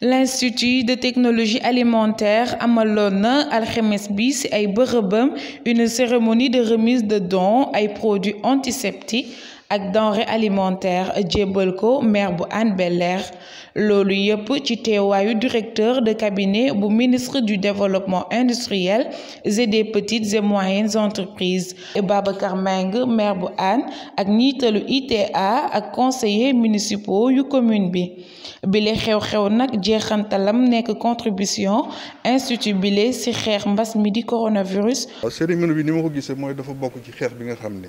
l'institut de technologie alimentaire à malone al a et une cérémonie de remise de dons et produits antiseptiques ak denrées alimentaire Djebolko ko maire bu Anne Belair lolu yep ci directeur de cabinet bu ministre du développement industriel et des petites et moyennes entreprises Babacar Meng maire bu Anne ak ITA ak conseillers municipaux yu commune bi bile xew-xew nak jéxantalam contribution institut bile ci xeex mbass mi di coronavirus. cérémonie bi ni ko dafa bokku ci bi nga xamné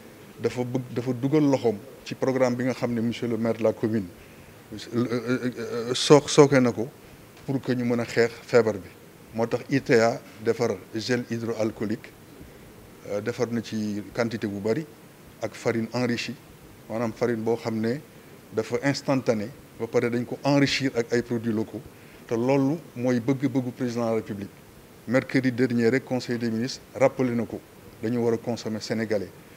dafa bëgg dafa dugal loxom ci programme bi nga xamné monsieur le maire de la commune euh, euh, sox soké nako pour que ñu mëna a fièvre bi motax ITA défar gel hydroalcoolique euh, défar na ci quantité bu bari ak farine enrichie maanaam farine bo xamné ne dafa instantané ba paré dañ ko enrichir ak ay produits locaux té que moy bëgg bëgg président de la république mercredi dernier rek conseil des ministres rappelé nako dañu wara consommer sénégalais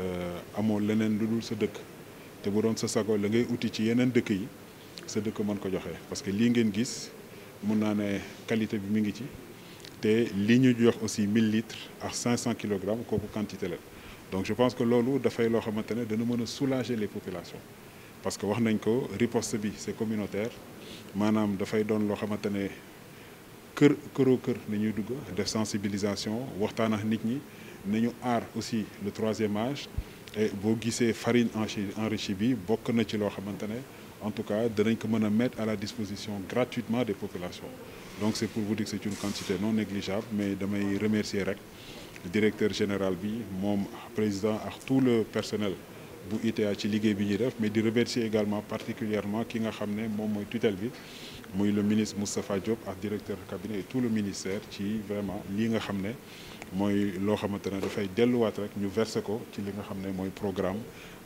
Euh, amo leneen lu dul sa dëkk te bu doon sa sago la ngay uti ci yeneen dëkk yi sa dëkk mën ko joxe parce que lii ngeen gis mun naa qualité bi mi ngi ci te lii jox aussi 1000 litres ak 500 kilogrammes kooku quantité la donc je pense que loolu dafay loo xamante ne dana mën a soulager les populations parce que wax nañ ko riposte bi c'est communautaire maanaam dafay doon loo xamante ne kër këroo kër nañuy dugg sensibilisation waxtaan ak nit ñi nous avons aussi le troisième âge et boo la farine enrichie bi bokk na en tout cas nous mettre à la disposition gratuitement des populations donc c'est pour vous dire que c'est une quantité non négligeable mais je remercie le directeur général le président tout le personnel bu ITA ci liggéey bi def mais di remercier également particulièrement ki nga xam ne tutelle bi muy le ministre Moustapha Diop ak directeur de cabinet et tout le ministère ci vraiment lii nga xam ne mooy loo xamante ne dafay delluwaat rek ñu verser ko ci li nga programme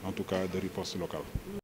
en tout cas de riposte locale